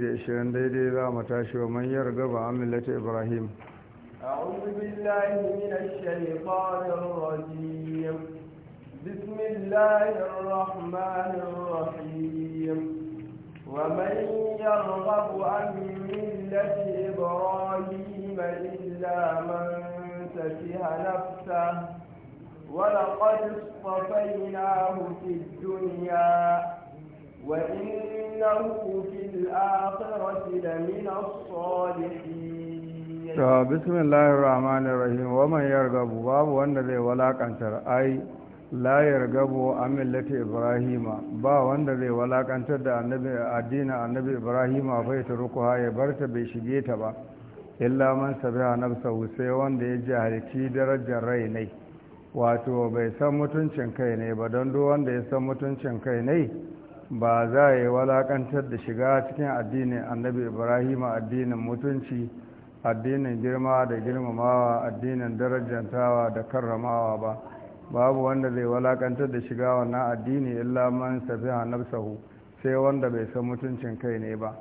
da ishirin daidai za mu tashi wa man yarga ba an millata ibrahim أعوذ بالله من الشيطان الرجيم بسم الله الرحمن الرحيم ومن يرغب عن ملة إبراهيم إلا من سفه نفسه ولقد اصطفيناه في الدنيا وإنه في الآخرة لمن الصالحين بسم الله الرحمن wa ومن babu wanda zai walakantar ai la yargabu an millati ibrahima ba wanda zai walakantar da annabi addinin annabi ibrahima fa ya rukuha ya barta bai shige ta ba illa man sabiha nafsahu sai wanda ya jahilci darajar rai ne wato bai san mutuncin kai ne ba don duk wanda ya san mutuncin kai ne ba za a yi walakantar da shiga cikin addinin annabi ibrahim addinin mutunci addinin girma da girmamawa addinin darajantawa da karramawa ba babu wanda zai walakantar da shiga wannan addini illa man safiha nafsahu sai wanda bai san mutuncin kai ne ba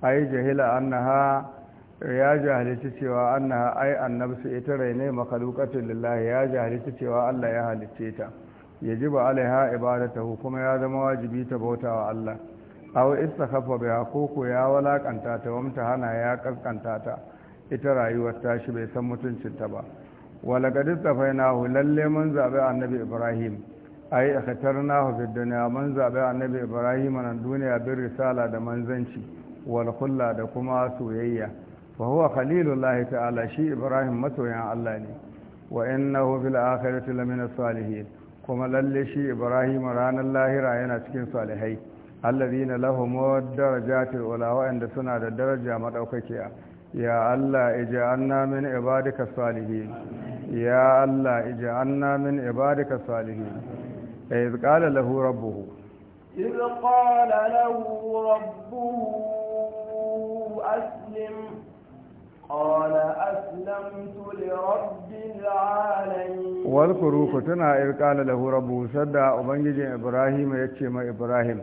ai jahila annaha ya jahilci cewa annaha ai annabsu ita rai ne makhluqatul lillahi ya jahilci cewa Allah ya halicce ta ya ba alaiha ibadatahu kuma ya zama wajibi ta bauta wa Allah aw istakhaffa biha koko ya walakanta ta wamta hana ya kaskanta ta ita rayuwar ta shi bai san mutuncin ta ba wala qad istafainahu lalle mun zabe annabi Ibrahim ai akhtarnahu fid dunya mun zabi annabi Ibrahim nan duniya bin risala da manzanci wal khulla da kuma soyayya fa huwa khalilullah ta'ala shi Ibrahim masoyan Allah ne wa innahu fil akhirati lamina salihin kuma lalle shi ibrahim ranar lahira yana cikin salihai allazina lahum darajatul ula wa'anda suna da daraja madaukakiya ya allah ij'alna min ibadika salihin ya allah ij'alna min ibadika salihin iz qala lahu rabbuhu iz qala lahu rabbuhu aslim Wa da asilim dule robin da haɗari. Walƙuruku tana irƙana da wuraren busar da ubangijin Ibrahim ya ce ma Ibrahim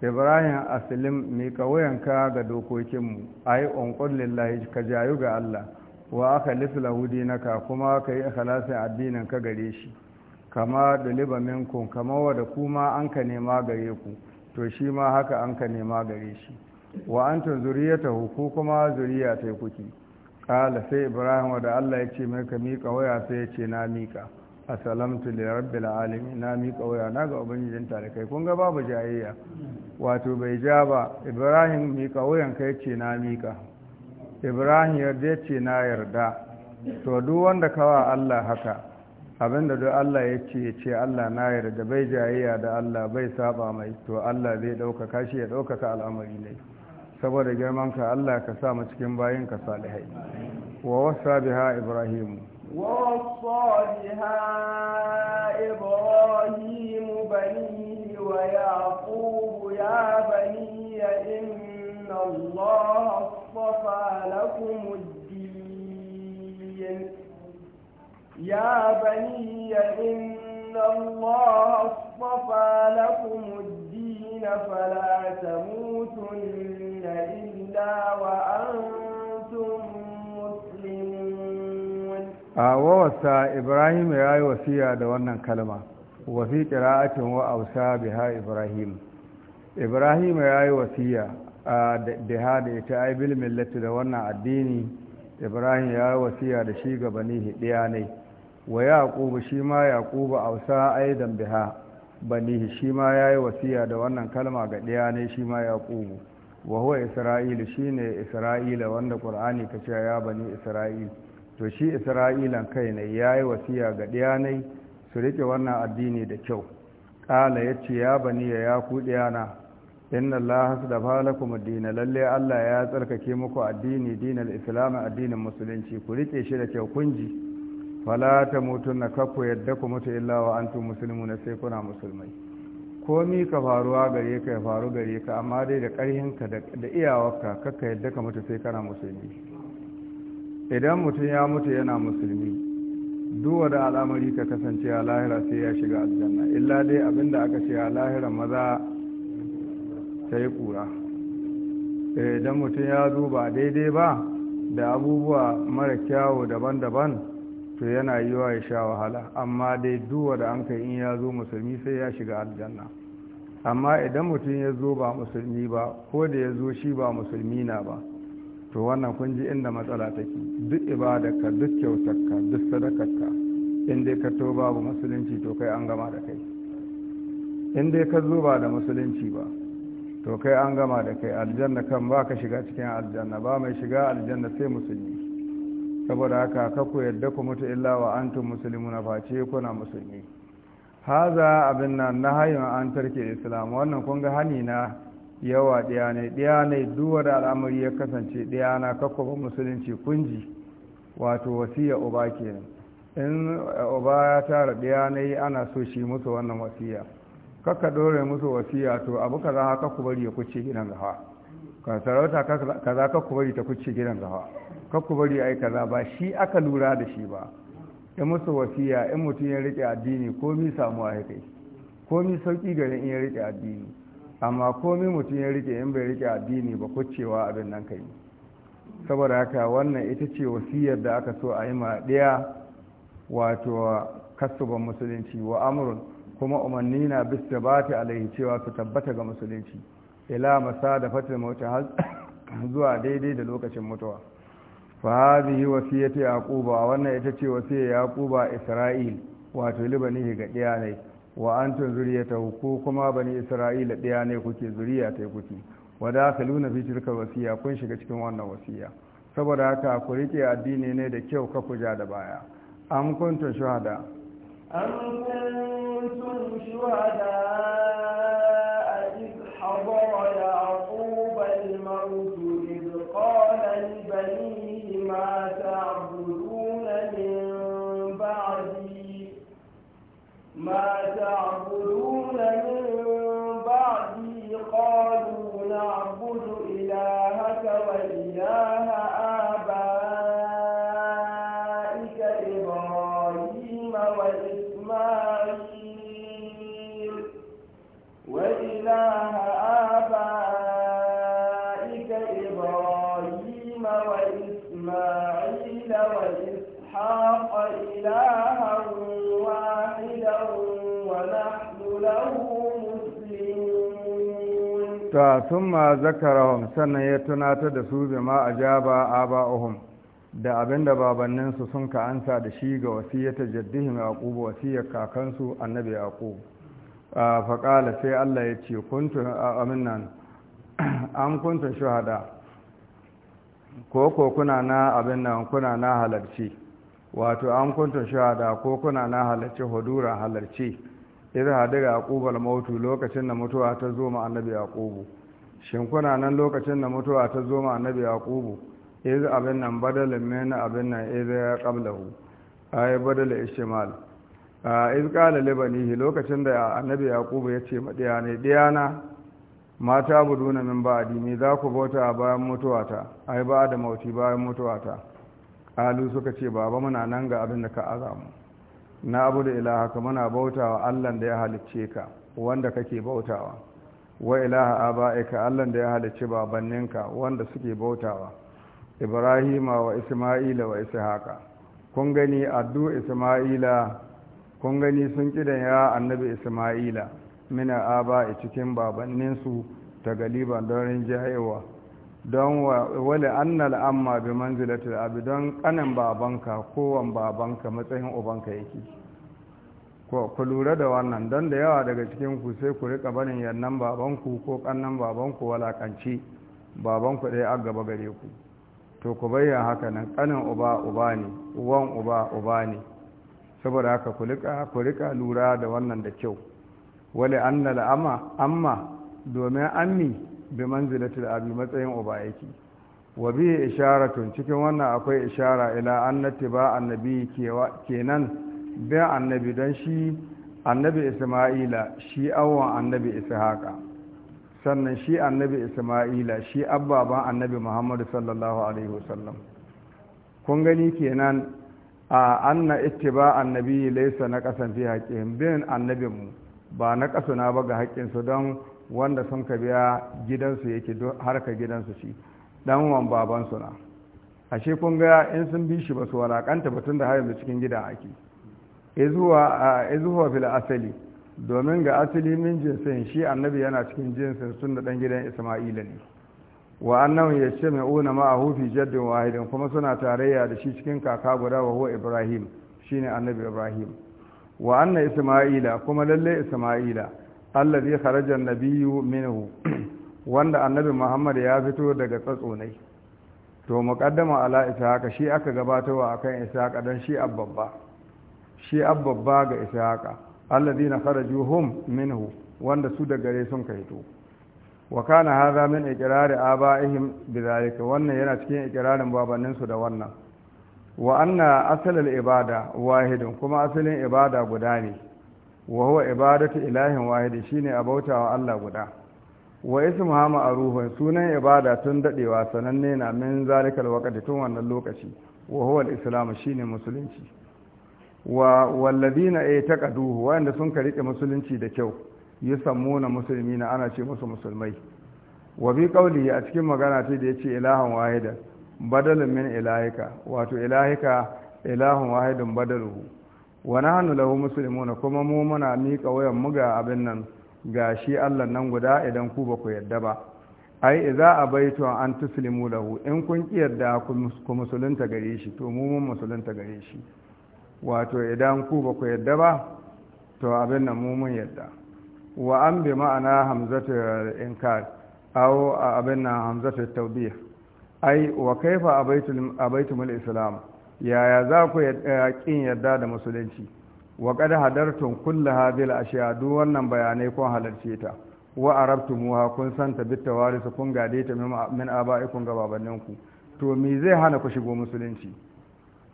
Ibrahim asilim. Mi ka ka ga dokokin mu ai ƙwanƙolin lillahi ka jayu ga Allah. Wa aka lisula gudinaka kuma ka yi kallafin addinin ka gareshi? Kama ɗuli ba min kun kamar wa da kuma anka nema gare ku. To shi ma haka anka nema gare shi Wa an tun zurriyar ta hukuma, zurriya ta kala sai ibrahim da allah ya ce mai ka miƙa waya sai ya ce na miƙa salamtu da rabbi alamin na miƙa waya na ga ubangijin kai kun ga babu jayayya wato bai ja ba ibrahim miƙa wayan ka ce na miƙa ibrahim yarda ya ce na yarda to duk wanda kawa allah haka abinda duk allah ya ce ya ce allah na yarda bai jayayya da allah bai saba mai to allah zai ɗaukaka shi ya ɗaukaka al'amari ne saboda girmanka Allah ka sa mu cikin bayan ka salihai wa wasa biha ibrahim wa wasa biha ibrahim bani wa yaqub ya bani ya inna Allah asfa lakum ad-din ya bani ya inna Allah asfa lakum ad الكافرين فلا تموتن إلا وأنتم مسلمون ووصى إبراهيم رأي وصية دوانا كلمة وفي قراءة وأوصى بها إبراهيم إبراهيم رأي وصية da hada ya ce aibil millati da wannan addini ibrahim ya yi wasiya da shi gabani hidiya ne wa yaƙubu shi ma yaƙubu a yi aidan biha banihi shi ma ya yi wasiya da wannan kalma ga ɗaya ne shi ma ya ƙugu wa huwa isra'ilu shi ne isra'ila wanda ƙur'ani ka ce ya bani isra'il to shi isra'ilan kai ne ya yi wasiya ga ɗaya ne su riƙe wannan addini da kyau ƙala ya ce ya bani ya ya ku ɗiyana inna allaha da kuma dina, lalle allah ya tsarkake muku addini dinar islam addinin musulunci ku riƙe shi da kyau kun ji fala ta mutu na kafa yadda ku mutu illa wa musulmi na sai kuna musulmai komi ka faruwa gare ka ya faru gare ka amma dai da ƙarhinka da iyawarka kakka yadda ka mutu sai kana musulmi idan mutum ya mutu yana musulmi duwa da al'amari ka kasance a lahira sai ya shiga aljanna illa dai abinda aka ce a lahira maza ta yi ƙura eh, idan mutum ya duba daidai ba da abubuwa mara kyawu daban-daban to yana wa ya sha wahala amma dai duwa da an kai in ya zo musulmi sai ya shiga aljanna amma idan mutum ya zo ba musulmi ba ko da ya zo shi ba musulmi na ba to wannan kun ji inda matsala take duk ibadarka duk kyautarka duk sadakarka in dai ka to babu musulunci to kai an gama da kai in dai ka zo ba da musulunci ba to kai an gama da kai aljanna kan ba ka shiga cikin aljanna ba mai shiga aljanna sai musulmi saboda haka ka ku yadda ku mutu illa wa antum muslimuna face kuna musulmi haza abin nan na hayin an tarke islam wannan kun ga hani na yawa ɗaya ne ɗaya ne da al'amari ya kasance ɗaya na ba musulunci kunji wato wasiya uba kenan in uba ya tara ɗaya ne ana so shi musu wannan wasiya kakka dore musu wasiya to abu kaza haka ku bari ya kuce gidan gawa ka sarauta kaza ka ku bari ta kuce gidan gawa kakku bari ai kaza ba shi aka lura da shi ba ya musu wasiya in mutum ya rike addini komi samu a kai komi sauki gare in ya rike addini amma komi mutum ya rike in bai rike addini ba kucewa abin nan kai saboda haka wannan ita ce wasiyar da aka so a yi ma ɗaya wato kasuban musulunci wa amurin kuma umarni na bisa ba ta alaihi cewa su tabbata ga musulunci ila masa da fatar mota zuwa daidai da lokacin mutuwa fa hadhihi wasiyatu yaquba wannan ita ce wasiyar yaquba isra'il wato libani ga ɗaya ne wa antum zuriyatahu ko kuma bani isra'ila ɗaya ne kuke zuriya ta kuke wada saluna fi tilka wasiya kun shiga cikin wannan wasiya saboda haka ku rike addini ne da kyau ka ku ja da baya am kuntum shuhada am kuntum shuhada إذ حضر نعبد إلهك وإله آخر ta sun ma zakarahum sannan ya tunatar da su zama a jaba aba'uhum da abin da babanninsu sun ka ansa da shi ga wasiyyata jaddihim yaqub wasiyar kakansu annabi yaqub faƙala sai allah ya ce kuntu amin nan an kuntu shuhada ko ko kuna na abin nan kuna na halarci wato an kuntu shuhada ko kuna na halarci hudura halarci idan hadira yaqubal mautu lokacin da mutuwa ta zo ma annabi yaqubu shin kuna nan lokacin da mutuwa ta zo ma annabi yaqubu iz abin nan badalin na abin nan iz ya qablahu ay badal ishmal iz qala libanihi lokacin da annabi yaqubu ya ce madiya ne diyana mata buduna min ba'di me za ku bauta bayan mutuwata ai ba da mauti bayan mutuwata alu suka ce baba muna nan ga abin da ka azamu na abu da ilaha ka muna bautawa allan da ya halicce ka wanda kake bautawa wa ilaha aba'ika allan da ya halicce babanninka wanda suke bautawa ibrahima wa isma'ila wa ishaqa kun gani addu isma'ila kun gani sun kidan ya annabi isma'ila mina aba'i cikin babanninsu ta galiban don rinjayewa don wale annal amma bi manzilatul abi don kanin babanka kowan babanka matsayin ubanka yake ku lura da wannan don da yawa daga cikin ku sai ku rika barin yannan babanku ko kannan babanku walakanci babanku ɗaya a gaba gare ku to ku bayyana haka nan kanin uba uba ne uwan uba uba ne saboda haka ku rika lura da wannan da kyau wale annal amma amma domin ammi bi manzilatil abi matsayin uba yake wa bi isharatun cikin wannan akwai ishara ila annati ba annabi kenan bi annabi dan shi annabi isma'ila shi awon annabi ishaqa sannan shi annabi isma'ila shi abbaban annabi muhammadu sallallahu alaihi wasallam kun gani kenan a anna ittiba annabi laysa na kasan fi haqqin bin annabinmu ba na kasuna ba ga haƙƙinsu don wanda sun ka biya gidansu yake harka gidansu shi dan wan babansu na ashe kun ga in sun bi shi ba su walakanta batun da har cikin gida ake izuwa fil asali domin ga asali min jinsin shi annabi yana cikin jinsin sun da dan gidan isma'ila ne wa annahu yashma'una ma'ahu fi jaddin wahidin kuma suna tarayya da shi cikin kaka guda wa huwa ibrahim shine annabi ibrahim wa anna isma'ila kuma lalle isma'ila alladhi kharaja nabiyyu minhu wanda annabi Muhammad ya fito daga tsatsonai to muqaddama ala ishaqa shi aka gabatarwa akan ishaqa dan shi abbabba shi abbabba ga ishaqa alladhina kharajuhum minhu wanda su da gare sun kaito wa kana hadha min iqrari abaihim bidhalika wannan yana cikin iqrarin babannin su da wannan wa anna asal al ibada wahidun kuma asalin ibada guda ne wa huwa ibadatu ilahin wahid shine abautawa Allah guda wa a ma'rufun sunan ibada tun dadewa sananne na min zalikal waqti tun wannan lokaci wa huwa al-islam shine musulunci wa walladina aytaqaduhu wanda sun karike musulunci da kyau yusammuna muslimina ana ce musu musulmai wa bi qawli a cikin magana ta da yace ilahan wahida badalun min ilahika wato ilahika ilahun wahidun badaluhu wana hannu lahu na kuma mu muna mika wayan muga abin nan ga shi Allah nan guda idan ku ba ku yadda ba ai a baito an tuslimu lahu in kun ki yadda ku musulunta gare shi to mu mun musulunta gare shi wato idan ku ba ku yadda ba to abin nan mu mun yadda wa an bi ma'ana hamzatu inkar aw abin nan hamzatu tawbih ai wa kaifa abaitul abaitumul islam yaya za ku eh, ƙin yadda da musulunci wa ƙada hadartun kulla hadil a duk wannan bayanai kun halarce ta wa muha kun santa bitta warisa kun gade ta min a ga babanninku to me zai hana ku shigo musulunci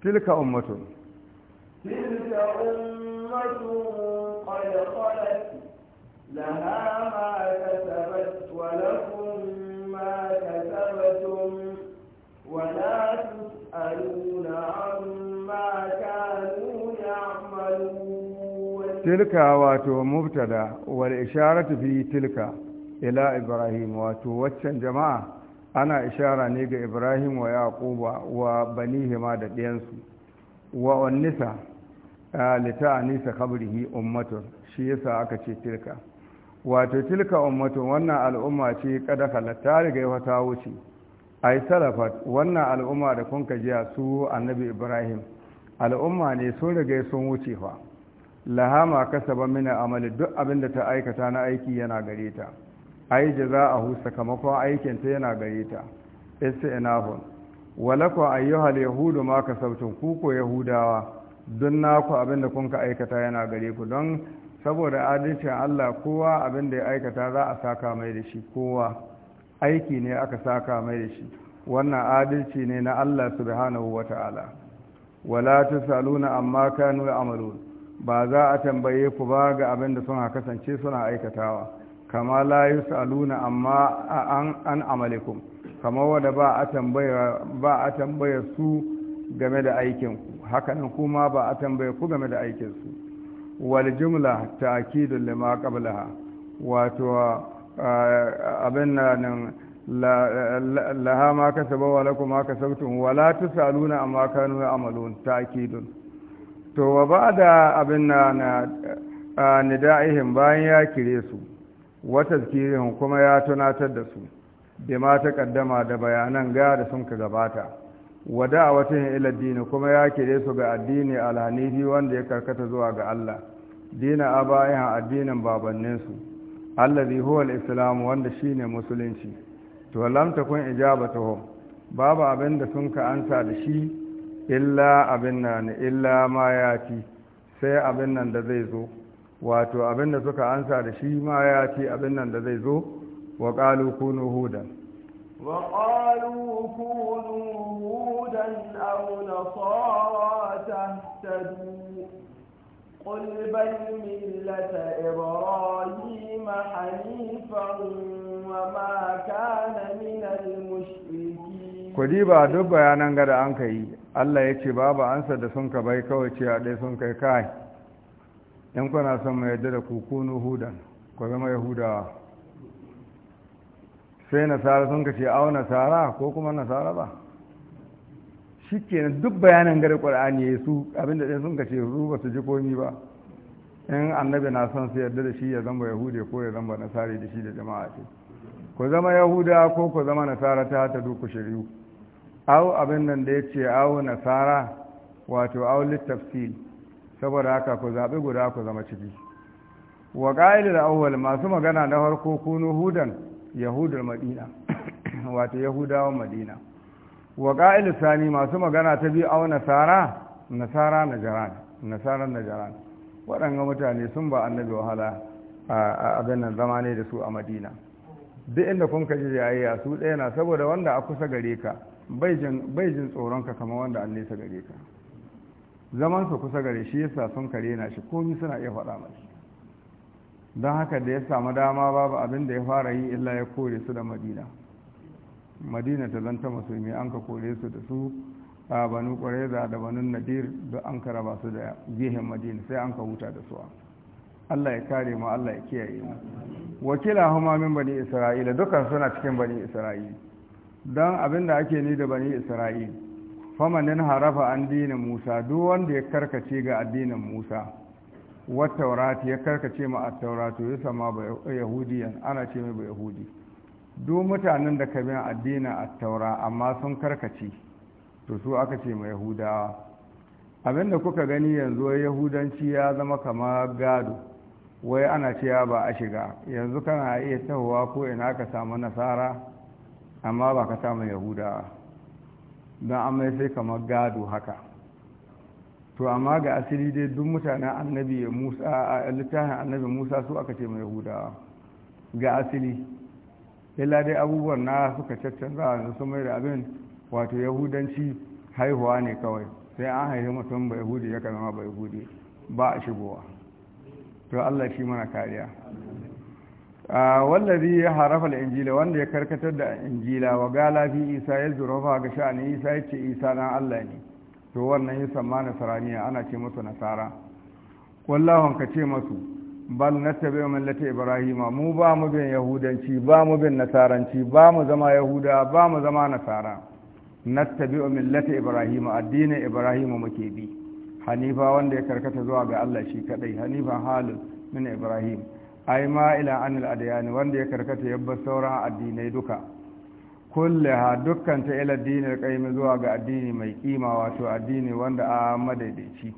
tilka ummatun tilka ummatun tilka wato mubtada wal isharatu fi tilka ila ibrahim wato waccan jama'a ana ishara ne ga ibrahim wa yaquba wa banihima da ɗiyansu wa wannisa anisa khabrihi ummatun shi yasa aka ce tilka wato tilka ummatun wannan al'umma ce kada kallata riga wata wuce ai salafat wannan al'umma da kun kajiya su annabi ibrahim al'umma ne sun rage sun wuce fa lahama kasaba mina amali duk abin da ta aikata na aiki yana gare ta ai jaza'ahu sakamakon aikin ta yana gare ta istinahun walakwa ayyuhal yahudu ma kasabtum ku ko yahudawa don naku abin da kun ka aikata yana gare ku don saboda adalcin Allah kowa abin da ya aikata za a saka mai da shi kowa aiki ne aka saka mai da shi wannan adalci ne na Allah subhanahu wata'ala wala tusaluna amma kanu ya'malun ba za a tambaye ku ba ga abin da suna kasance suna aikatawa kama la yus'aluna amma an an amalikum kama wanda ba a tambaya ba a su game da aikin ku hakanan kuma ba a tambaya ku game da aikin su wal jumla ta'kidun lima qablaha wato abin nan laha ma kasaba wa lakum ma kasabtum wa tusaluna amma kanu ya'malun ta'kidun to wa ba da abin na nida'ihim bayan ya kire su wata zikirihim kuma ya tunatar da su da ma ta kaddama da bayanan ga da sun ka gabata wada a ila iladdini kuma ya kire su ga addini alhanifi wanda ya karkata zuwa ga Allah dina bayan addinin babanninsu allazi huwa islam wanda shine musulunci to lam takun ijabatuhum babu abin da sun ka ansa da shi illa abin nan illa ma ya ci sai abin nan da zai zo wato abin da suka ansa da shi ma ya ci abin nan da zai zo wa ƙalu kunu hudan wa ƙalu kunu hudan au nasara tahtadu قل بل ملة إبراهيم حنيفا وما كان diba المشركين كدي بعد بيانا قد أنكي Allah ya ce babu ansa da sun ka bai kawai ce a ɗaya sun kai kai in kwana son mai yadda da kukunu hudan ko zama yahudawa sai nasara sun ka ce au nasara ko kuma nasara ba shi ke na duk bayanin gari ƙwar'ani ya su abinda ɗaya sun ka ce su ba su ji komi ba in annabi na son su yadda da shi ya zamba Yahudi ko ya zamba nasari da shi da jama'a ce ku zama yahuda ko ku zama nasara ta hata duk shari'u au abin nan da ya ce au nasara wato au littafsil saboda haka ku zaɓi guda ku zama ciki wa ƙa'idar awwal masu magana na farko kunu hudan yahudul madina wato yahudawan madina wa ƙa'idar sani masu magana ta biyu au nasara nasara najaran nasaran najaran waɗanga mutane sun ba annabi wahala a abin nan zama ne da su a madina duk inda kun kaji jayayya su ɗaya na saboda wanda a kusa gare ka bai jin tsoronka kamar wanda an nesa gare ka zaman kusa gare shi yasa sun kare na shi komi suna iya faɗa mashi. don haka da ya samu dama babu abin da ya fara yi illa ya kore su da madina madina ta zanta musulmi an ka kore su da su a banu ƙwareza da banu nadir da an ka raba su da gehen madina sai an ka huta da su allah ya kare mu allah ya kiyaye mu wakila huma min bani isra'ila dukkan suna cikin bani isra'ila don abin da ake ni da bani isra'il famanin harafa an dinin musa duk wanda ya karkace ga addinin musa wattaurati ya karkace ma attauratu ya sama ba yahudiyan ana ce mai ba yahudi duk mutanen da ka bin addinin taura amma sun karkace to su aka ce ma yahudawa abin da kuka gani yanzu yahudanci ya zama kama gado wai ana cewa ba a shiga yanzu kana iya tahowa ko ina ka samu nasara amma ba ka samu Yahuda, don an mai sai kamar gado haka to amma ga asiri dai duk mutanen annabi musa a littafin annabi musa su aka ce mai Yahuda? ga asiri illa dai abubuwan na suka caccanza su mai da abin wato yahudanci haihuwa ne kawai sai an haihu mutum ba yahudi ya zama ba yahudi ba a shigowa to allah shi mana kariya wallazi ya harafa da injila wanda ya karkatar da injila wa gala fi isa ya zurafa ga sha'ani isa ya isa dan allah ne to wannan ya samma nasaraniya ana ce musu nasara wallahu ka ce masu bal na tabi ibrahima mu ba mu bin yahudanci ba mu bin nasaranci ba mu zama yahuda ba mu zama nasara na min millata ibrahima addinin ibrahima muke bi hanifa wanda ya karkata zuwa ga allah shi kadai Hanifa halu min ibrahim ai ma ila anil adiyani wanda ya karkata yabbar sauran addinai duka Kulle ha dukkan ta ila dinar qayyim zuwa ga addini mai kima wato addini wanda a madaidaici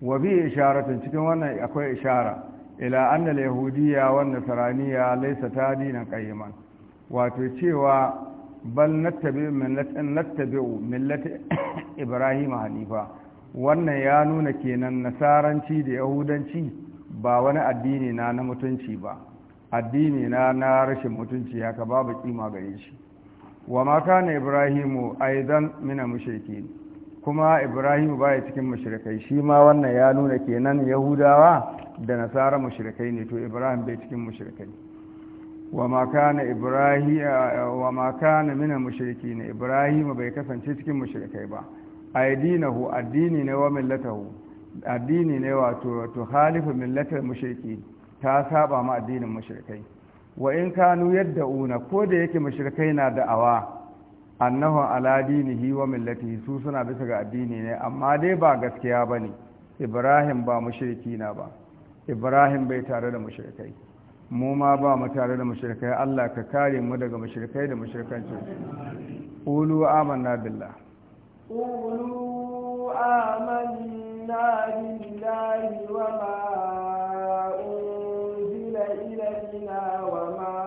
wa bi isharatun cikin wannan akwai ishara ila annal yahudiyya wan nasraniyya laysa ta dinan qayyiman wato cewa bal nattabi millatan nattabi'u millati ibrahim hanifa wannan ya nuna kenan nasaranci da yahudanci ba wani addini na na mutunci ba addini na na rashin mutunci haka babu kima gare shi wa ma kana ibrahimu aidan mina mushrikin kuma ibrahimu baya cikin mushrikai shi ma wannan ya nuna kenan yahudawa da nasara mushrikai ne to ibrahim bai cikin mushrikai wa ma kana ibrahim eh, wa ma kana mina bai kasance cikin mushrikai ba aidinahu addini ne wa millatahu addini ne wato wato khalifu millatar mushriki ta saba ma addinin mushrikai wa in kanu yadda una ko da yake mushrikai na da'awa annahu ala dinihi wa millatihi su suna bisa ga addini ne amma dai ba gaskiya bane ibrahim ba mushriki na ba ibrahim bai tare da mushrikai mu ma ba mu tare da mushrikai Allah ka kare mu daga mushrikai da mushrikan qulu amanna billah قولوا آمنا بالله وما أنزل إلينا وما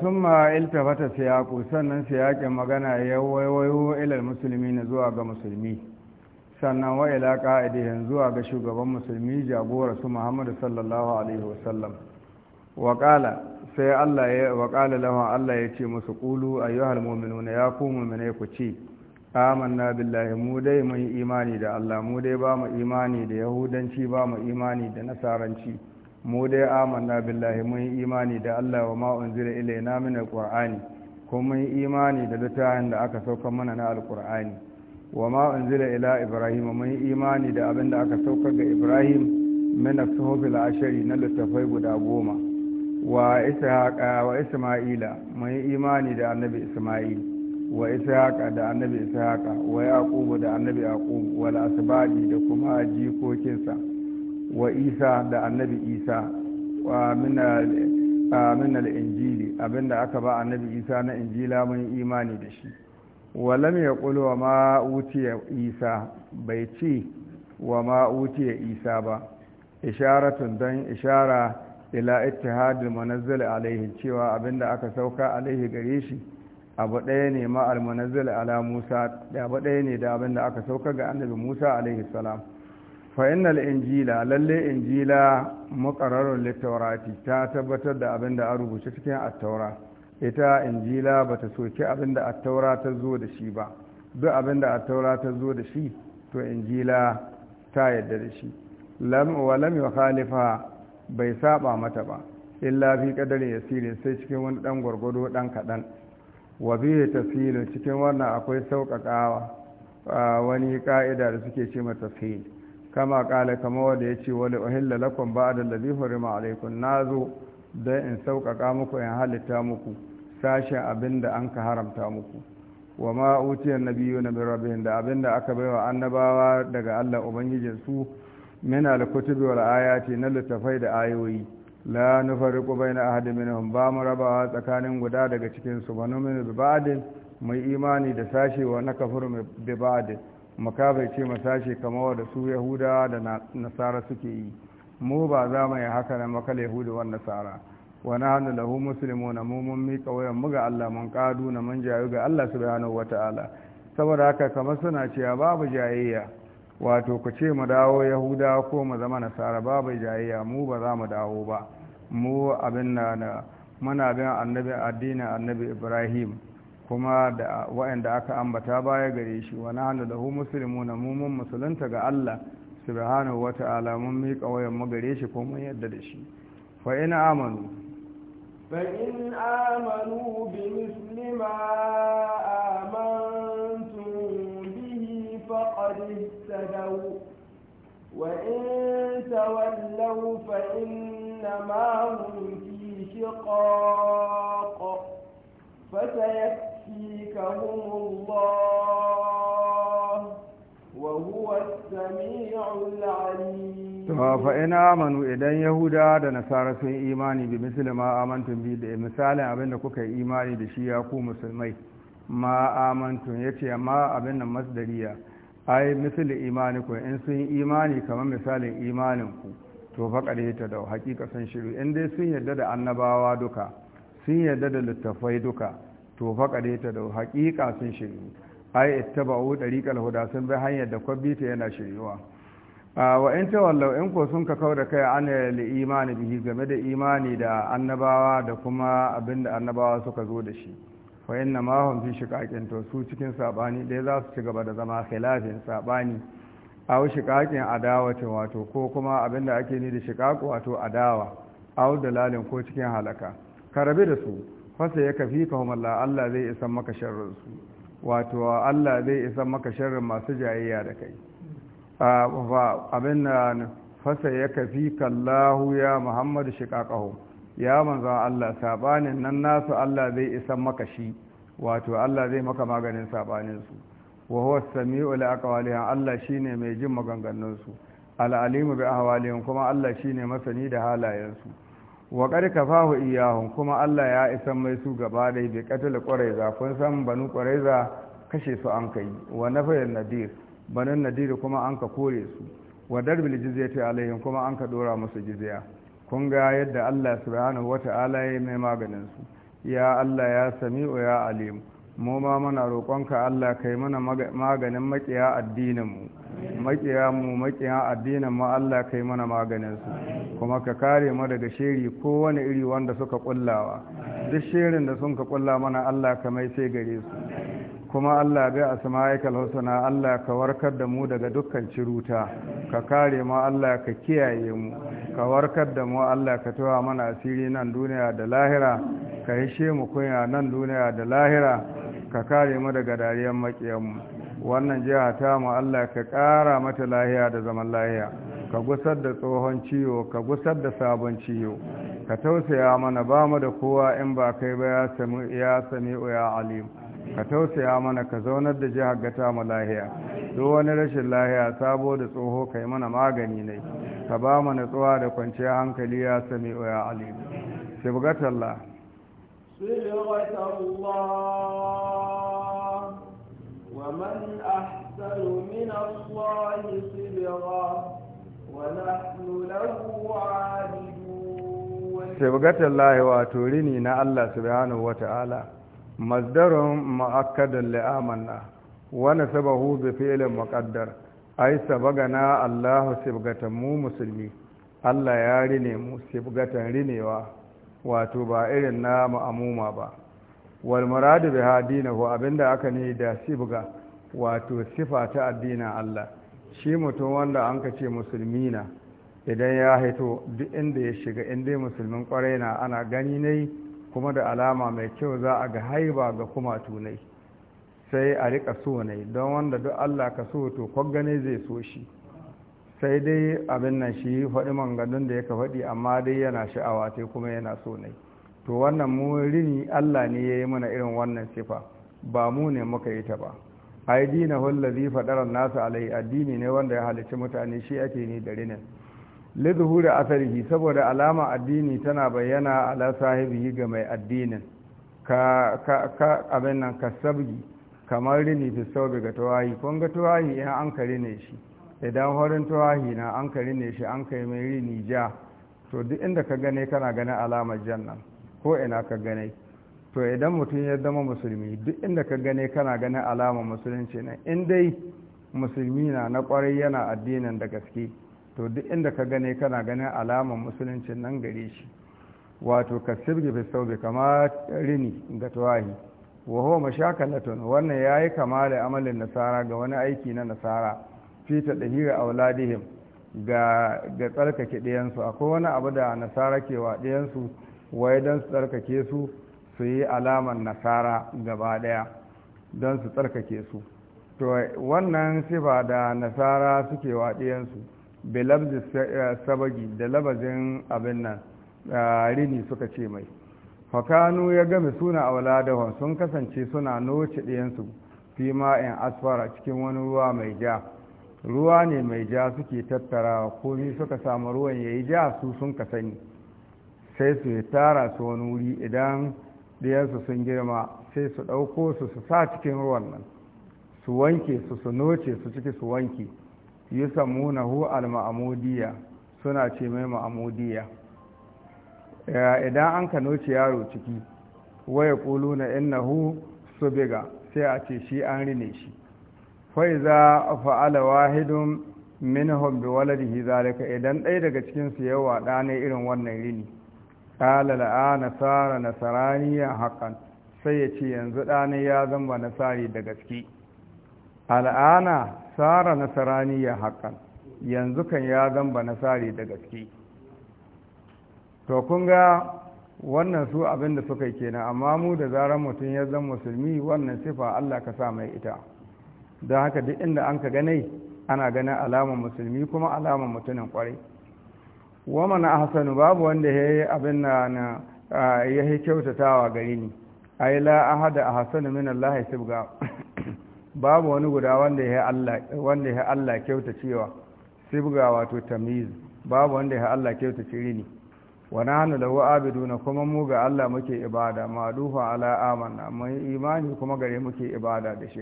sun ma'ilta fata siyaku sannan siyakin magana ya waiwayo ilal musulmi na zuwa ga musulmi sannan ila ka'idihin zuwa ga shugaban musulmi jagora su muhammadu sallallahu alaihi wasallam waƙala sai allah ya waƙala lawan allah ya ce musu ƙulu a yi na ya ku mummina ku ce amanna billahi mu dai mun imani da allah mu dai ba mu imani da yahudanci ba mu imani da nasaranci mu dai amanna billahi mun yi imani da Allah wa ma unzila ilaina min alqur'ani kuma mun yi imani da littafin da aka sauka mana na alqur'ani wa ma unzila ila ibrahim mun yi imani da abin da aka saukar ga ibrahim min as-suhufil ashari na littafai guda goma wa ishaqa wa isma'ila mun yi imani da annabi isma'il wa ishaqa da annabi ishaqa wa yaqub da annabi yaqub wal asbadi da kuma jikokinsa wa isa da annabi isa min injili abinda aka ba annabi isa na injila mun imani da shi walam ya ƙulu wa ma'utiya isa bai ce wa ma ma'utiya isa ba isharatun don ishara ila ittihadul manazzal alaihi cewa abinda aka sauka alaihi gare shi abu ɗaya ne ma'al manazzal ala musa abu ɗaya ne da abinda aka sauka ga annabi musa alaihi salam fa'innal injila lalle injila makararun littaurati ta tabbatar da abin da an rubuce cikin attaura ita injila ba ta soke abin da attaura ta zo da shi ba duk abin da attaura ta zo da shi to injila ta yadda da shi wa lam khalifa bai saba mata ba illa fi kadarin yasiri sai cikin wani dan gwargwado dan kaɗan wa bi tafsirin cikin wannan akwai sauƙaƙawa wani ka'ida da suke ce mata tafsir kama kala kama wanda ya ce wani ohilla lakon ba da lazi hurima alaikun na zo don in sauƙaƙa muku in halitta muku sashen abin da an ka haramta muku wa ma utiyar nabiyu na birabin da abin da aka baiwa annabawa daga allah ubangijinsu min alkutubi wal ayati na littafai da ayoyi la nufariqu baina ahadin minhum ba mu rabawa tsakanin guda daga cikin su ba numinu bi ba'din mai imani da sashe wa nakafuru bi ba'din ce masashe kamar da su yahuda da nasara suke yi mu ba za mu yi haka na makal yahuda wa nasara wa hannu lahu muslimuna mu mun mi kawayan mu ga Allah mun kadu na mun jayu ga Allah subhanahu ta'ala saboda haka kamar suna cewa babu jayayya wato ku ce mu dawo yahuda ko mu zama nasara babu jayayya mu ba za mu dawo ba mu abin na muna bin annabi addinin annabi ibrahim kuma da waɗanda aka ambata baya gare shi wani hannu da hu musulmi na mummun musulunta ga Allah subhanahu wa ta'ala mun mi kawayen mu gare shi ko mun yadda da shi fa in amanu fa in amanu bi misli ma amantum bihi faqad ihtadaw wa in tawallaw fa ma hum fi shiqaq هم الله وهو السميع العليم fa ina amanu idan yahuda da nasara sun imani bi misali ma amantun bi da misalin abinda kuka yi imani da shi ya ku musulmai ma amantun ya ce ma abin nan masdariya ai misali imani ku in sun imani kamar misalin imanin ku to fa ta da hakika sun shiru in dai sun yarda da annabawa duka sun yarda da littafai duka to faƙade ta da haƙiƙa sun shiryu ai ittaba'u dariqal huda sun bi hanyar da ta yana shiryuwa wa in wallau in ko sun ka kaura kai an li imani bihi game da imani da annabawa da kuma abin da annabawa suka zo da shi Wa inna ma hum fi shiqaqin to su cikin sabani dai za su ci gaba da zama khilafin sabani aw shiqaqin adawacin wato ko kuma abin da ake ni da shiqaq wato adawa aw dalalin ko cikin halaka karabe da su fasa ya kafi ka Allah zai isa maka sharrin su wato Allah zai isa maka sharrin masu jayayya da kai abin na fasa ya kafi kallahu ya muhammadu shiƙaƙahu ya manzan Allah saɓanin nan nasu Allah zai isa maka shi wato Allah zai maka maganin saɓaninsu wa huwa sami'u li aqwalihim Allah shine mai jin maganganunsu alimu bi ahwalihim kuma Allah shine masani da halayensu wa ƙarƙa fahu iyahun kuma Allah ya isan mai su gaba dai bai ƙatala ƙwaraiza kun san banu ƙwaraiza kashe su an kai wa nafayar nadir banin nadir kuma an ka kore su wa darbil jizyati alaihim kuma an ka dora musu jizya kun ga yadda Allah subhanahu wata'ala ya mai maganin su ya Allah ya sami'u ya alim mu ma muna roƙonka Allah kai mana maganin maƙiya addinin mu makiya mu makiya addinin mu Allah kai mana maganin su kuma ka kare mu daga shiri ko wani iri wanda suka kullawa duk shirin da sun ka kulla mana Allah ka mai sai gare su kuma Allah bai asma'ikal husna Allah ka warkar da mu daga dukkan ciruta ka kare mu Allah ka kiyaye mu ka warkar da mu Allah ka tawa mana asiri nan duniya da lahira ka hishe mu kunya nan duniya da lahira ka kare mu daga dariyan makiyan mu wannan jiha ta mu Allah ka ƙara mata lahiya da zaman lahiya ka gusar da tsohon ciwo ka gusar da sabon ciwo ka tausaya mana ba mu da kowa in ba kai ba ya sami ya sami ya alim ka tausaya mana ka zaunar da jihar ga ta lahiya duk wani rashin lahiya sabo da tsoho kai mana magani ne ka ba mu natsuwa da kwanciyar hankali ya sami ya alim sibgatallah sibgatallah ومن أحسن من الله صبغا ونحن له عابدون صبغة الله واتوريني نا الله سبحانه وتعالى مصدر مؤكد لآمنا ونسبه بفعل مقدر أي سبغنا الله صبغة مو مسلمي Allah ya rine mu sibgatan rinewa wato ba irin na ma'amuma ba wal muradu biha dinahu abinda aka ne da sibga wato sifa ta addinin Allah shi mutum wanda an ka ce musulmi na idan ya haito duk inda ya shiga inda musulmin kwarai na ana gani ne kuma da alama mai kyau za a ga haiba ga kuma tunai sai a rika so ne don wanda duk Allah ka so to gane zai so shi sai dai abin nan shi faɗi mangadun da ya ka faɗi amma dai yana sha'awa sai kuma yana so ne to wannan mu rini Allah ne ya yi mana irin wannan sifa ba mu ne muka yi ta ba ai dina hullazi fadaran nasu alai addini ne wanda ya halicci mutane shi ake ni da rinin li zuhuri asarihi saboda alama addini tana bayyana ala sahibi ga mai addinin ka ka ka abin nan ka sabgi kamar rini fi saubi ga tawahi kun ga tawahi in an ka rine shi idan horin tawahi na an ka rine shi an kai mai rini ja to duk inda ka gane kana ganin alamar jannan ko ina ka gane to idan mutum ya zama musulmi duk inda ka gane kana ganin alama musulunci nan in dai musulmi na na kwarai yana addinin da gaske to duk inda ka gane kana ganin alaman musulunci nan gare shi wato ka sirgi fi sau kama rini ga tawahi waho sha mashakalatun wannan yayi kama da amalin nasara ga wani aiki na nasara da hira auladihim ga ga tsarkake ɗayansu akwai wani abu da nasara ke waɗiyansu wai don su tsarkake su su yi alamar nasara gaba daya don su tsarkake su to wannan sifa da nasara suke waɗiyansu belabzi eh, sabagi da labazin abin nan eh, rini suka ce mai fakanu ya game suna a waladahun sun kasance suna noce ɗiyansu fi ma'in asfara cikin wani ruwa mai ja ruwa ne mai ja suke tattara komi suka samu ruwan ya yi ja su sun ka sani sai su tara su wani wuri idan ɗiyarsu sun girma sai su ɗauko su su sa cikin ruwan nan su wanke su su noce su ciki su wanke yi samuna hu al-ma'amudiya suna ce mai ma'amudiya idan an ka noce yaro ciki waya kulu na su biga, sai a ce shi an rine shi fai za fa'ala wahidun minhum bi waladihi zalika idan ɗaya daga cikin su yawa ɗa irin wannan rini ƙala la'a nasara nasaraniya haƙan sai ya ce yanzu ɗana ya zama nasari da gaske al'ana sara nasaraniya haƙan yanzu kan ya zama nasari da gaske to kun ga wannan su abin da suka yi kenan amma mu da zarar mutum ya zama musulmi wannan sifa allah ka sa mai ita don haka duk inda an ka ganai ana ganin alamar musulmi kuma alamar mutumin kwarai wa mana ahsanu babu wanda yayi abin na ya yi kyautatawa gare ni ai la ahada ahsanu min Allah sibga babu wani guda wanda yayi Allah wanda yayi Allah kyautacewa sibga wato tamiz babu wanda yayi Allah kyautace ni wa nahnu lahu abiduna kuma mu ga Allah muke ibada maduhu ala amanna mai imani kuma gare muke ibada da shi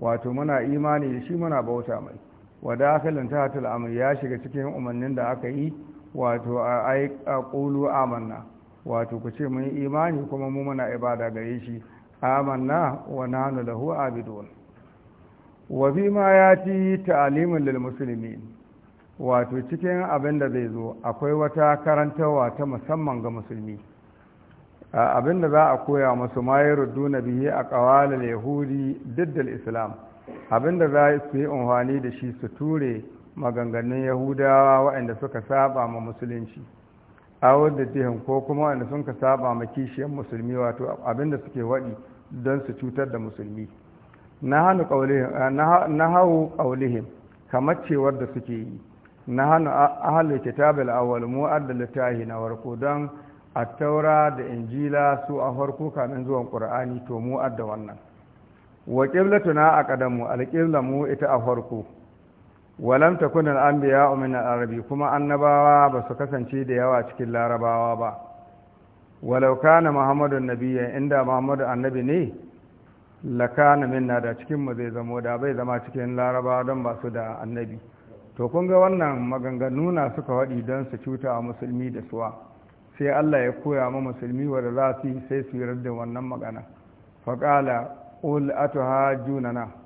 wato muna imani da shi muna bauta mai wa dakhilan tahta al ya shiga cikin umannin da aka yi wato a ƙulu amanna wato ku ce mun yi imani kuma mu muna ibada gare shi amanna wa nahnu lahu abidun wa ya yati ta'limun lil muslimin wato cikin abin da zai zo akwai wata karantawa ta musamman ga musulmi abin da za a koya musu ma ya ruddu na biye a ƙawalar yahudi diddal islam abin da za su yi amfani da shi su ture maganganun yahudawa waɗanda suka saba ma musulunci awar da jihin ko kuma waɗanda sun saba ma kishiyar musulmi wato abinda suke waɗi don su cutar da musulmi na hau ƙaulihim kamar cewar da suke yi na hannu ahalar kitabil awal mu'ad da littahi na warko don a taura da injila su a farko kamin zuwan ƙur'ani to mu adda wannan wa ƙiblatuna a ƙadamu alƙiblamu ita a farko walam takun al-anbiya min al-arabi kuma annabawa ba su kasance da yawa cikin larabawa ba walau kana muhammadun nabiyya inda muhammadu annabi ne lakana minna da cikin mu zai zamo da bai zama cikin larabawa don ba su da annabi to kun ga wannan maganganu na suka waɗi don su cuta a musulmi da suwa sai Allah ya koya ma musulmi wanda za su yi sai su yi wannan magana faƙala ƙul atuha junana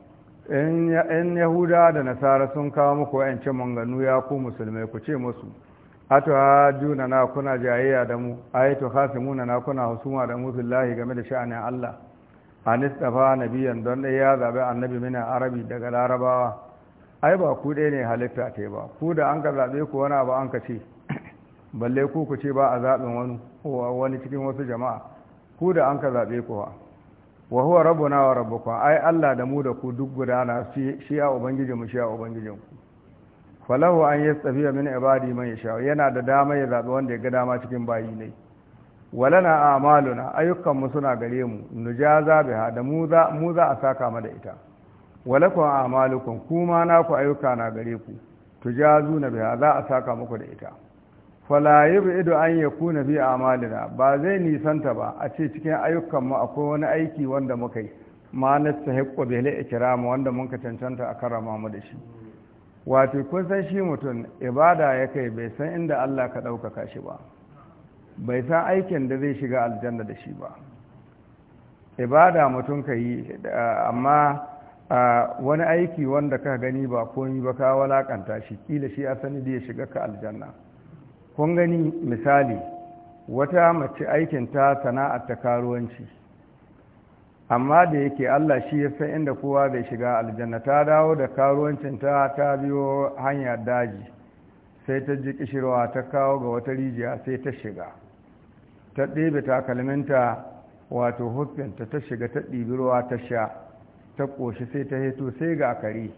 in yahuda da nasara sun kawo muku yancin manganu ya ku musulmai ku ce musu to ha juna na kuna jayayya da mu ayatu na kuna husuma da musu lahi game da sha'anin Allah an na nabiyan don ɗaya ya zabi annabi mina arabi daga larabawa ai ba ku ne halitta ta ba ku da an ka zaɓe ku wani abu an ka ce balle ku ku ce ba a zaɓin wani cikin wasu jama'a ku da an ka zabe ku ha wa huwa rabbuna wa rabbukum ai Allah da mu da ku duk gudana shi ya ubangiji mu shi ya ubangijin ku falahu an yastafiya min ibadi man yasha yana da dama ya zabi wanda ya ga dama cikin bayi ne walana a'maluna ayyukan mu suna gare mu nujaza biha da mu za mu za a saka mu da ita walakum a'malukum kuma naku ayyuka na gare ku tujazuna biha za a saka muku da ita fala ido an yakuna bi a'malina ba zai nisanta ba a ce cikin ayyukan mu akwai wani aiki wanda muka yi ma nastahiqqu bihi al-ikram wanda mun ka cancanta a karama mu da shi wato kun san shi mutum ibada ya kai bai san inda Allah ka ɗaukaka shi ba bai san aikin da zai shiga aljanna da shi ba ibada mutum ka yi amma wani aiki wanda ka gani ba komi ba ka walakanta shi kila shi a sani da ya shiga ka aljanna kun gani misali wata mace aikinta sana'ar ta karuwanci amma da yake allah shi ya san inda kowa zai shiga aljanna ta dawo da karuwancinta ta biyo hanyar daji sai ta ji kishirwa ta kawo ga wata rijiya sai ta shiga ta ɗebe takalminta wato hufinta ta shiga ta ɗibirwa ta sha ta ƙoshi sai ta heto sai ga kare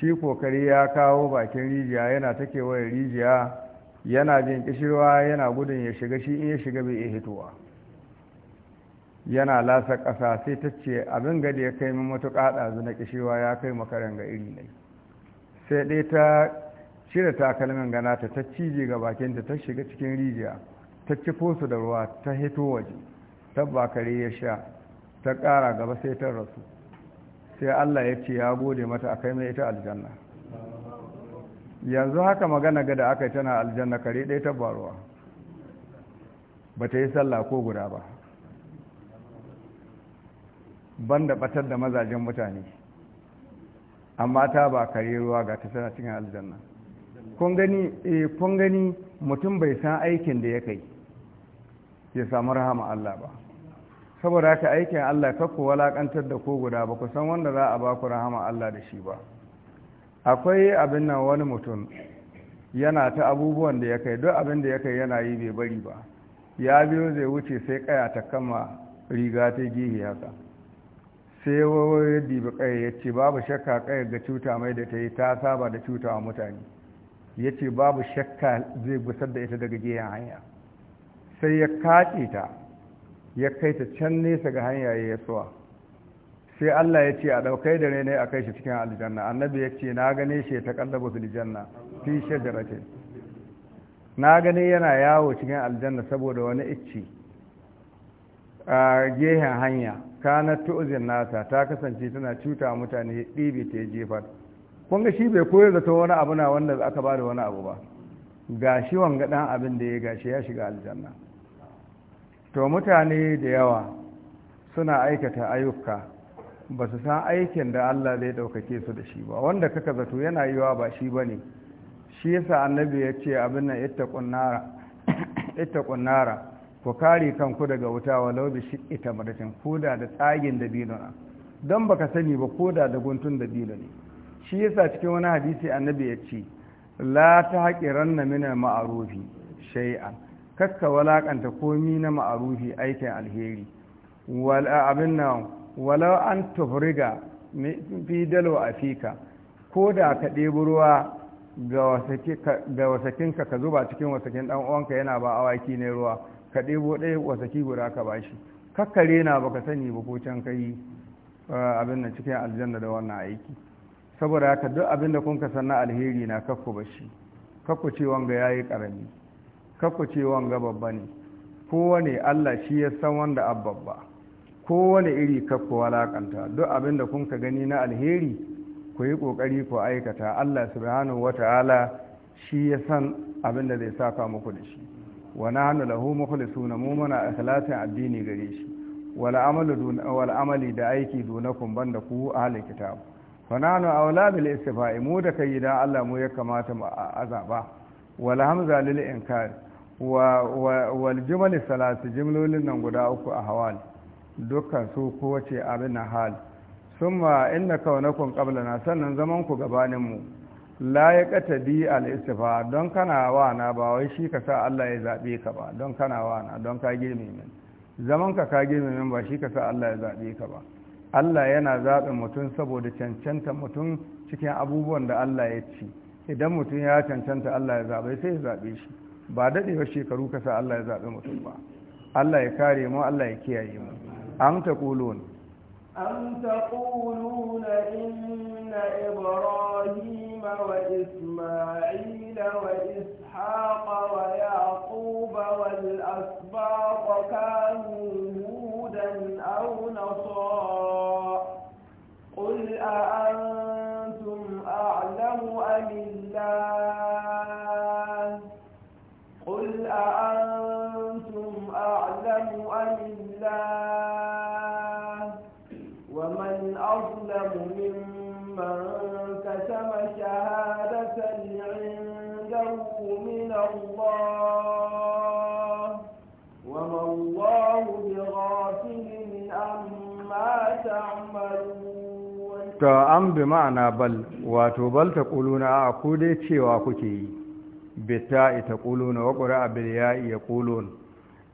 shi kokari ya kawo bakin rijiya yana ta kewaye rijiya yana jin kishirwa yana gudun ya shiga shi in ya shiga bai iya hitowa yana lasa ƙasa sai ta ce abin gadi ya kai min matuƙa ɗazu na kishirwa ya kai makaran ga iri ne sai ɗaya ta cire takalmin gana ta ta cije ga bakinta ta shiga cikin rijiya ta ci su da ruwa ta hito waje ta bakare ya sha ta ƙara gaba sai ta rasu sai Allah ya ce ya gode mata a kai mai ita aljanna yanzu haka magana ga da aka tana aljanna kare ɗaya ta baruwa ba ta yi sallah ko guda ba banda batar da mazajen mutane amma ta ba kare ruwa ga ta tana cikin aljanna kun gani eh, mutum bai san aikin da ya kai ya samu rahama Allah ba saboda haka aikin Allah ka ku walakantar da ku guda ba ku san wanda za a ba ku rahama Allah da shi ba akwai abin nan wani mutum yana ta abubuwan da ya kai duk abin da ya kai yana yi bai bari ba ya biyo zai wuce sai kaya ta kama riga ta gihi haka sai wawaye dibi kai ya ce babu shakka kai ga cuta mai da ta yi ta saba da cuta wa mutane ya ce babu shakka zai gusar da ita daga gehen hanya sai ya kace ta ya kai ta can nesa ga hanya ya suwa sai Allah ya ce a ɗaukai da ne a kai shi cikin aljanna annabi ya ce na gane shi ta kallaba fil janna fi na gane yana yawo cikin aljanna saboda wani icci a gehen hanya kana tu'zin nasa ta kasance tana cuta mutane ɗibi ta jefar kun ga shi bai koyar da wani abu na wanda aka ba da wani abu ba gashi wanga dan abin da ya gashi ya shiga aljanna to mutane da yawa suna aikata ayyuka ba su san aikin da Allah zai ɗaukake su da shi ba wanda kaka zato yana yiwa ba shi ba ne shi yasa annabi ya ce abin nan ittaqun nara ku kare kanku daga wuta walau bi ita tamratin koda da tsagin dabino na don baka sani ba koda da guntun dabino ne shi yasa cikin wani hadisi annabi ya ce la ta ranna min ma'arufi shay'an kakka walakanta komi na ma'arufi aikin alheri abin nan wala an tufriga fi dalo a fika ko da ka ɗebi ruwa ga wasakinka ka zuba cikin wasakin ɗan uwanka yana ba awaki ne ruwa ka ɗebo ɗaya wasaki guda ka bashi kakkare na baka sani ba ko can kai abin nan cikin aljanna da wannan aiki saboda haka duk abin da kun ka sanna alheri na kakku bashi kakku ce wanga yayi karami kakwace wanga babba ne kowane allah shi ya san wanda abbabba kowane iri kakku walakanta duk abin da kun ka gani na alheri ku yi ƙoƙari ku aikata allah subhanahu wata'ala shi ya san abin da zai saka muku da shi wa nahnu lahu mukhlisuna mu muna addini gare shi wal amalu wal amali da aiki dunakum banda ku ahli kitab fa nahnu aula bil istifa'i mu da kai da Allah mu ya kamata mu azaba wal hamza lil inkar wal salatu jimlolin nan guda uku a hawal dukkan su kowace abin hal sun ma inda kabla na sannan zaman ku gabaninmu la ya kata di al'istifa don kana na ba wai shi ka sa Allah ya zaɓe ka ba don kana na don ka girme min zaman ka ka girme min ba shi ka sa Allah ya zaɓe ka ba Allah yana zaɓin mutum saboda cancanta mutum cikin abubuwan da Allah ya ci idan mutum ya cancanta Allah ya zaɓe sai ya zaɓe shi ba daɗewar shekaru kasa Allah ya zaɓi mutum ba Allah ya kare mu Allah ya kiyaye mu An ta am taquluna inna ibrahima wa isma'ila wa ishaqa wa yaquba wal asbaqa kanu hudan aw nasara qul a antum a'lamu am أظلم أم الله ومن أظلم ممن كتم شهادة عنده من الله وما الله بغافل عما تعملون تأم بمعنى بل وتبل تقولون أقول تشيوا كتي بالتاء تقولون وقرأ بالياء يقولون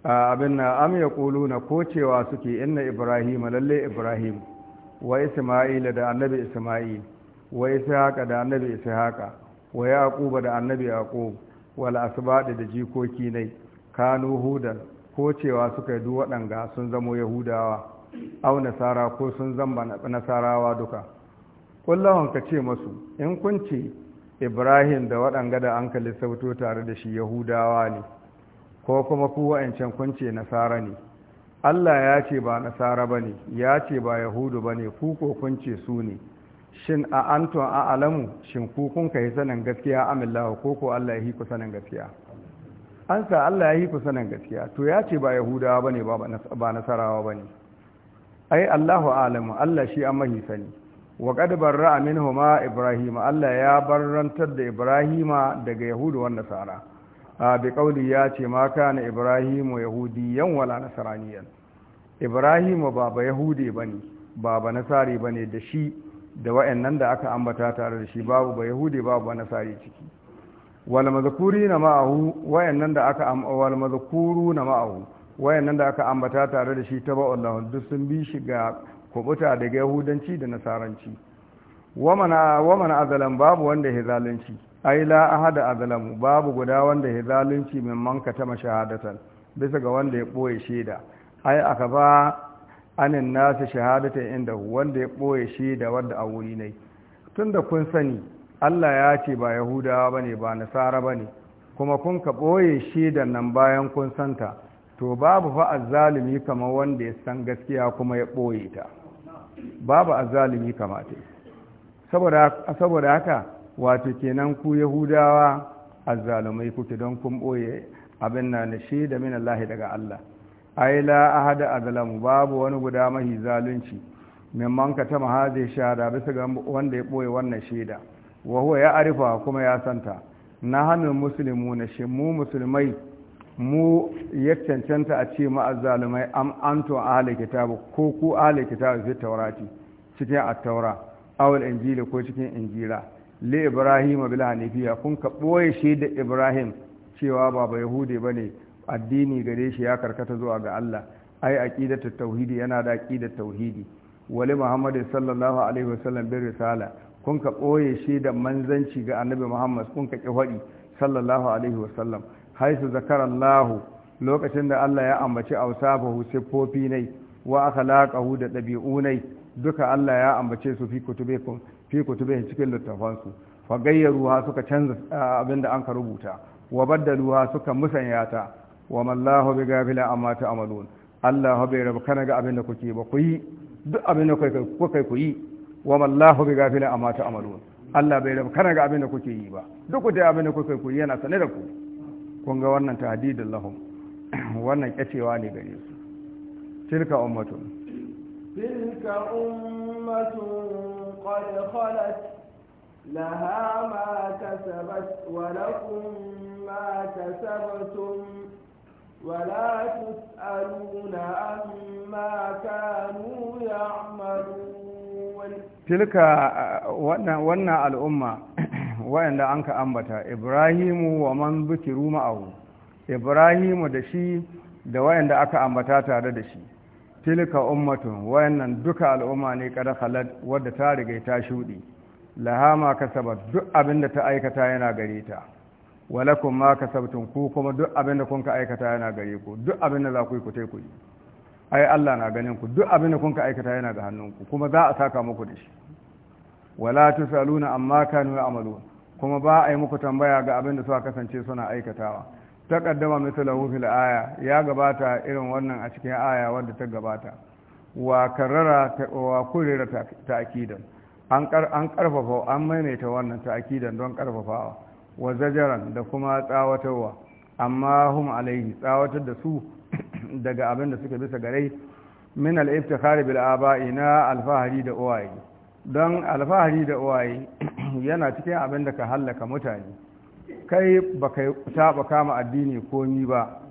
abin na am ya na ko cewa suke inna ibrahim lalle ibrahim wa Isma'il da annabi isma'il wa ishaqa da annabi ishaqa wa yaquba da annabi yaqub wal asbad da jikoki ne kanu hudan ko cewa suka yi waɗanga sun zamo yahudawa au nasara ko sun zamba nasarawa duka kullahun ka ce masu in kunci ibrahim da waɗanga da an kalli sauto tare da shi yahudawa ne ko kuma ku wa'ancan kun ce nasara ne Allah ya ce ba nasara ba ne ya ce ba yahudu ba ne ku ko kun ce su ne shin a anton a alamu shin ku kun ka yi sanin gaskiya amillahu ko ko Allah ya yi ku sanin gaskiya an sa Allah ya yi ku sanin gaskiya to ya ce ba yahudawa ba ne ba nasarawa ba ne ai Allahu alamu Allah shi an mahi sani wa barra Aminu, ma Ibrahim, Allah ya barrantar da ibrahima daga yahudu wan nasara bi kauli ya ce ma kana ibrahimu yahudiyan wala nasaraniyan ibrahimu ba ba yahude bane ba ba nasari bane da shi da wayannan da aka ambata tare da shi babu ba yahude babu ba nasari ciki wal na ma'ahu wayannan da aka wal na ma'ahu wayannan da aka ambata tare da shi ta taba'ullahu duk sun bi shi ga kubuta daga yahudanci da nasaranci wa mana azalan babu wanda ya zalunci ai la ahada azlamu babu guda wanda ya zalunci min manka ta mashahadatan bisa ga wanda ya boye shaida ai aka ba anin nasu shahadatan inda wanda ya boye shaida wanda a wuri ne tunda kun sani Allah ya ce ba Yahudawa bane ba Nasara bane kuma kun ka boye shaidan nan bayan kun santa to babu fa azzalimi kamar wanda ya san gaskiya kuma ya boye ta babu azzalimi kamata saboda saboda haka wato kenan ku yahudawa azzalumai kuke don kun ɓoye abin na shi da min Allah daga Allah ai la ahada azlamu babu wani guda mahi zalunci man ka ta mahaje shahada bisa ga wanda ya ɓoye wannan shaida wa huwa ya arifa kuma ya santa na hannun musulmu na shi mu musulmai mu ya cancanta a ce ma azzalumai am anto ahli kitabu ko ku ahli kitabu fi taurati cikin at-taura awal injili ko cikin injila li ibrahim bil hanifiya kun ka boye shi da ibrahim cewa ba ba yahude bane addini gare shi ya karkata zuwa ga Allah ai aqidatu tauhidi yana da aqidatu tauhidi wali muhammad sallallahu alaihi wasallam bi risala kun ka boye shi da manzanci ga annabi muhammad kun ka ki faɗi sallallahu alaihi wasallam haisu zakarallahu lokacin da Allah ya ambaci ausafahu siffofi ne wa akhlaqahu da ɗabi'u ne duka Allah ya ambace su fi kun fi kutube cikin littafansu fa ha suka canza abinda an ka rubuta wa ha suka musanya ta wa mallahu bi gafila amma ta amalun Allah bai rabu kana ga abinda kuke ba ku yi duk abinda kai ku yi wa mallahu bi gafila amma ta amalun Allah bai rabu kana ga abinda kuke yi ba duk da abinda kuka ku yi yana sane da ku kun ga wannan tahdidin lahum wannan kacewa ne gare su tilka ummatun تلك أمة قد خلت لها ما كسبت ولكم ما كسبتم ولا تسألون عما كانوا يعملون تلك wannan al'umma wa'anda an ka ambata ibrahimu wa man zikiru ma'ahu ibrahimu da shi da wa'anda aka ambata tare da shi tilka ummatun wayannan duka al'umma ne kada khalad wadda ta riga ta shudi Lahama ma kasabat duk abinda ta aikata yana gare ta walakum ma kasabtum ku kuma duk abinda kun ka aikata yana gare ku duk abinda za ku yi ku tai ku yi ai Allah na ganin ku duk abinda kun ka aikata yana ga hannunku kuma za a saka muku da shi wala tusaluna amma kanu ya'malun kuma ba a yi muku tambaya ga abinda suka kasance suna aikatawa taqaddama mithluhu fil aya ya gabata irin wannan a cikin aya wadda ta gabata wa karrara wa kurira ta'kidan an an karfafa an maimaita wannan ta'kidan don karfafawa wa zajaran da kuma tsawatarwa amma hum alaihi tsawatar da su daga abin da suka bisa gare min al kare bil aba'i na alfahari da uwaye don alfahari da uwaye yana cikin abin da ka hallaka mutane kai baka saba kama addini komi ba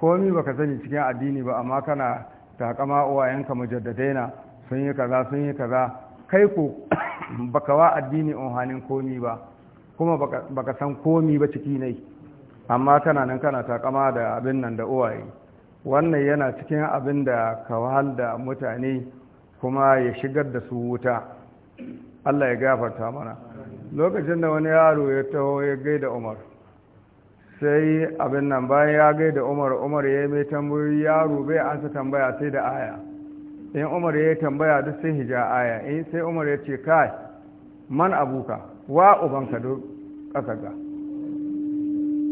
komi baka sani cikin addini ba amma kana takama uwayenka mujaddadaina sun yi kaza sun yi kaza kai ko baka wa addini unhanin komi ba kuma baka san komi ba ciki ne amma kana nan kana takama da abin nan da uwaye wannan yana cikin abin da ka wahal da mutane kuma ya shigar da su wuta Allah ya gafarta mana lokacin da wani yaro ya taho ya gaida umar sai abin nan bayan ya gaida umar umar ya yi mai tambayoyi yaro bai ansa tambaya sai da aya in umar ya yi tambaya duk sai hija aya in sai umar ya ce kai man abuka wa ubanka duk ƙasa ga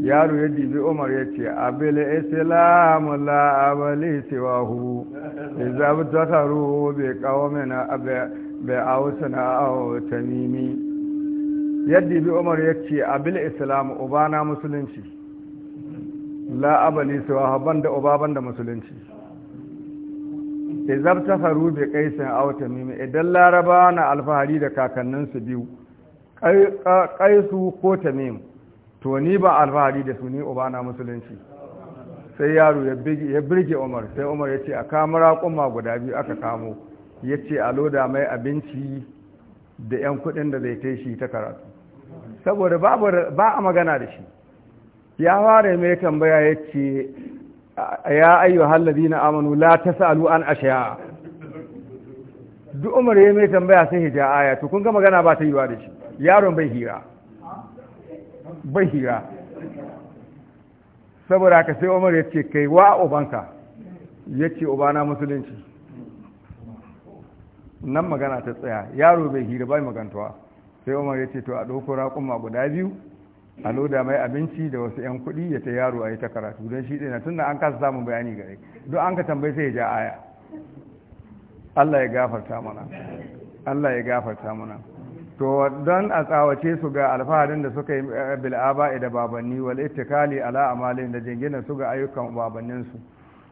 yaro ya dibi umar ya ce abil islamu la abali siwahu idza takaru bi qawmin abi bi awsana aw tamimi yadda bi umar ya ce abil islam ubana musulunci la abali sawa ban da uba ban musulunci izab ta faru bi sun aw tamimi idan laraba na alfahari da kakanninsu biyu kaisu ko tamim to ni ba alfahari da su ni ubana musulunci sai yaro ya birge umar sai umar ya ce a kamara kuma guda biyu aka kamo ya ce a loda mai abinci da 'yan kudin da zai kai shi ta karatu saboda ba a magana da shi ya fara mai tambaya ya ce ya ayyu halabi na amanu la ta sa'alu an ashiya duk umar ya mai tambaya sai hija aya to kun ga magana ba ta yiwa da shi yaron bai hira bai hira saboda ka sai umar ya ce kai wa Obanka, ya ce obana musulunci nan magana ta tsaya yaro bai hira bai magantawa. sai umar ya ce to a ɗauko raƙuma guda biyu a loda mai abinci da wasu 'yan kuɗi ya ta yaro a yi ta karatu don shi ɗina tun da an kasa samun bayani gare don an ka tambayi sai ya ja aya Allah ya gafarta mana Allah ya gafarta mana to don a tsawace su ga alfaharin da suka yi eh, bil'aba da babanni wal ittikali ala amalin da jingina su ga ayyukan babanninsu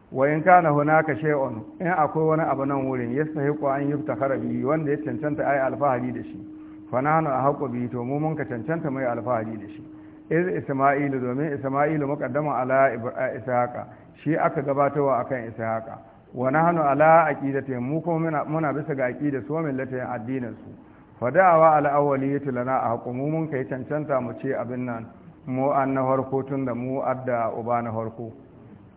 wa in kana hunaka shay'un in akwai wani abu nan wurin yastahiqu an yuftakhara bihi wanda ya cancanta ayi alfahari da shi fanahanu a haƙo biyu to mu mun ka cancanta mai alfahari da shi iz isma'ilu domin isma'ilu muqaddama ala ishaqa shi aka gabatarwa akan ishaqa wa nahnu ala aqidati mu ko muna bisa ga aqida su millatin addinin su fada'awa ala awwaliyati lana a haƙo mu mun kai cancanta mu ce abin nan mu an na harko tun da mu adda uba na harko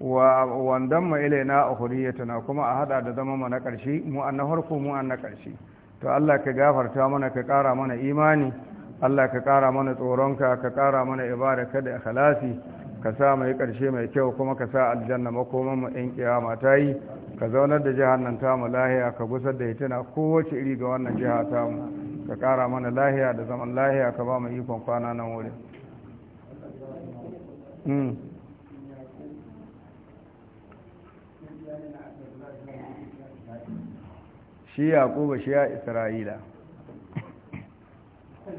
wa wandan mu ilaina ukhuriyatuna kuma a hada da zama mu na karshe mu an na harko mu an na ƙarshe to Allah ka gafarta mana ka ƙara mana imani Allah ka ƙara mana tsoronka ka ƙara mana ibada da ikhlasi ka sa mai ƙarshe mai kyau kuma ka sa aljanna makoman mu ɗan kiyama ta yi ka zaunar da jihar nan tamu lahiya ka gusar da hitina kowace iri ga wannan jiha tamu ka ƙara mana lahiya da zaman lahiya ka ba mu ikon kwana nan wurin hmm. shi yaƙuba shi ya isra'ila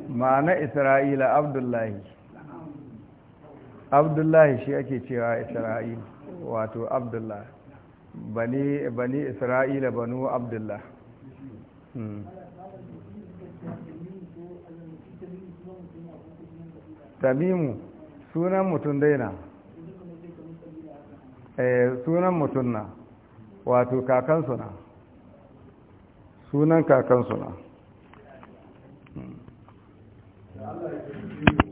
ma'ana isra'ila abdullahi abdullahi shi ake cewa Isra'ila wato Abdullahi, bani bani isra'ila banu abdullah hmm. tamimu sunan mutum daina eh, sunan mutum na wato kakansu na sunan kakansu na hmm.